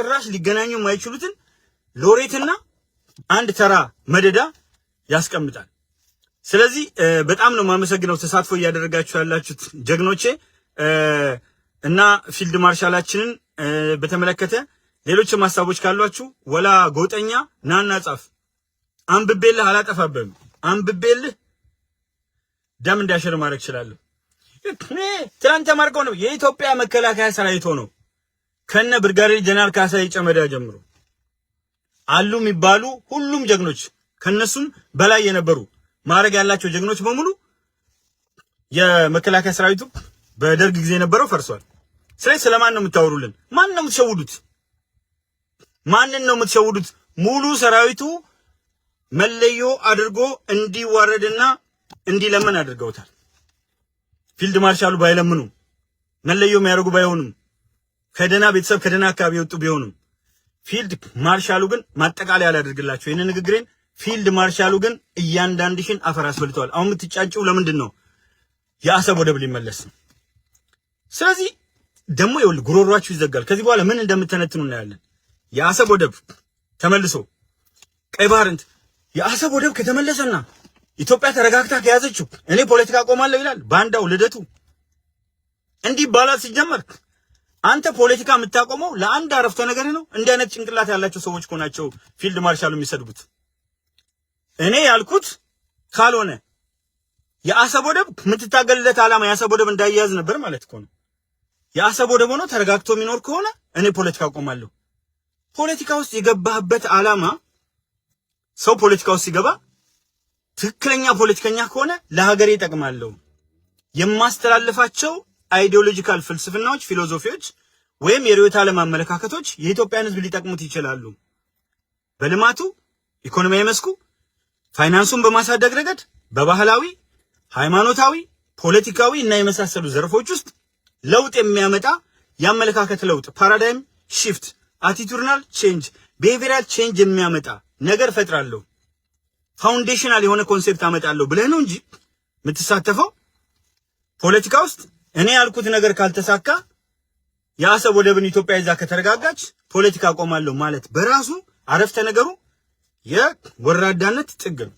ጭራሽ ሊገናኙ የማይችሉትን ሎሬትና አንድ ተራ መደዳ ያስቀምጣል። ስለዚህ በጣም ነው የማመሰግነው ተሳትፎ እያደረጋችሁ ያላችሁት ጀግኖቼ እና ፊልድ ማርሻላችንን በተመለከተ ሌሎችም ሀሳቦች ካሏችሁ ወላ ጎጠኛ ናና ጻፍ። አንብቤልህ አላጠፋብህም። አንብቤልህ ደም እንዳሸር ማድረግ እችላለሁ። ትናንት ተማርከው ነው የኢትዮጵያ መከላከያ ሰራዊት ሆነው ከነ ብርጋዴር ጀነራል ካሳይ ጨመዳ ጀምሮ አሉ የሚባሉ ሁሉም ጀግኖች ከነሱም በላይ የነበሩ ማረግ ያላቸው ጀግኖች በሙሉ የመከላከያ ሰራዊቱ በደርግ ጊዜ የነበረው ፈርሷል። ስለዚህ ስለማን ነው የምታወሩልን? ማን ነው የምትሸውዱት? ማንን ነው የምትሸውዱት? ሙሉ ሰራዊቱ መለዮ አድርጎ እንዲዋረድና እንዲለምን አድርገውታል። ፊልድ ማርሻሉ ባይለምኑ? መለዮ የሚያደርጉ ባይሆኑም ከደህና ቤተሰብ ከደህና አካባቢ የወጡ ቢሆኑም ፊልድ ማርሻሉ ግን ማጠቃለያ አላደርግላቸው ይህን ንግግሬን። ፊልድ ማርሻሉ ግን እያንዳንድሽን አፈር አስበልተዋል። አሁን የምትጫጭው ለምንድን ነው? የአሰብ ወደብ ሊመለስ ነው። ስለዚህ ደግሞ ይኸውልህ ጉሮሯችሁ ይዘጋል። ከዚህ በኋላ ምን እንደምተነትኑ እናያለን። የአሰብ ወደብ ተመልሶ ቀይ ባህርንት የአሰብ ወደብ ከተመለሰና ኢትዮጵያ ተረጋግታ ከያዘችው እኔ ፖለቲካ አቆማለሁ ይላል ባንዳው ልደቱ። እንዲህ ባላል ሲጀመር አንተ ፖለቲካ የምታቆመው ለአንድ አረፍተ ነገር ነው። እንዲህ አይነት ጭንቅላት ያላቸው ሰዎች እኮ ናቸው ፊልድ ማርሻሉ የሚሰድቡት። እኔ ያልኩት ካልሆነ የአሰብ ወደብ የምትታገልለት ዓላማ የአሰብ ወደብ እንዳያያዝ ነበር ማለት እኮ ነው። የአሰብ ወደብ ሆኖ ተረጋግቶ የሚኖር ከሆነ እኔ ፖለቲካ አቆማለሁ። ፖለቲካ ውስጥ የገባህበት ዓላማ ሰው ፖለቲካ ውስጥ ሲገባ ትክክለኛ ፖለቲከኛ ከሆነ ለሀገሬ ይጠቅማለሁ የማስተላልፋቸው አይዲዮሎጂካል ፍልስፍናዎች፣ ፊሎዞፊዎች ወይም የርዕዮተ ዓለም አመለካከቶች የኢትዮጵያን ሕዝብ ሊጠቅሙት ይችላሉ። በልማቱ ኢኮኖሚያዊ መስኩ፣ ፋይናንሱን በማሳደግ ረገድ፣ በባህላዊ፣ ሃይማኖታዊ፣ ፖለቲካዊ እና የመሳሰሉ ዘርፎች ውስጥ ለውጥ የሚያመጣ የአመለካከት ለውጥ ፓራዳይም ሺፍት አቲቱድናል ቼንጅ ቢሄቪራል ቼንጅ የሚያመጣ ነገር ፈጥራለሁ ፋውንዴሽናል የሆነ ኮንሴፕት አመጣለሁ ብለህ ነው እንጂ የምትሳተፈው ፖለቲካ ውስጥ እኔ ያልኩት ነገር ካልተሳካ የአሰብ ወደብን ኢትዮጵያ ይዛ ከተረጋጋች ፖለቲካ አቆማለሁ ማለት በራሱ አረፍተ ነገሩ የወራዳነት ጥግ ነው።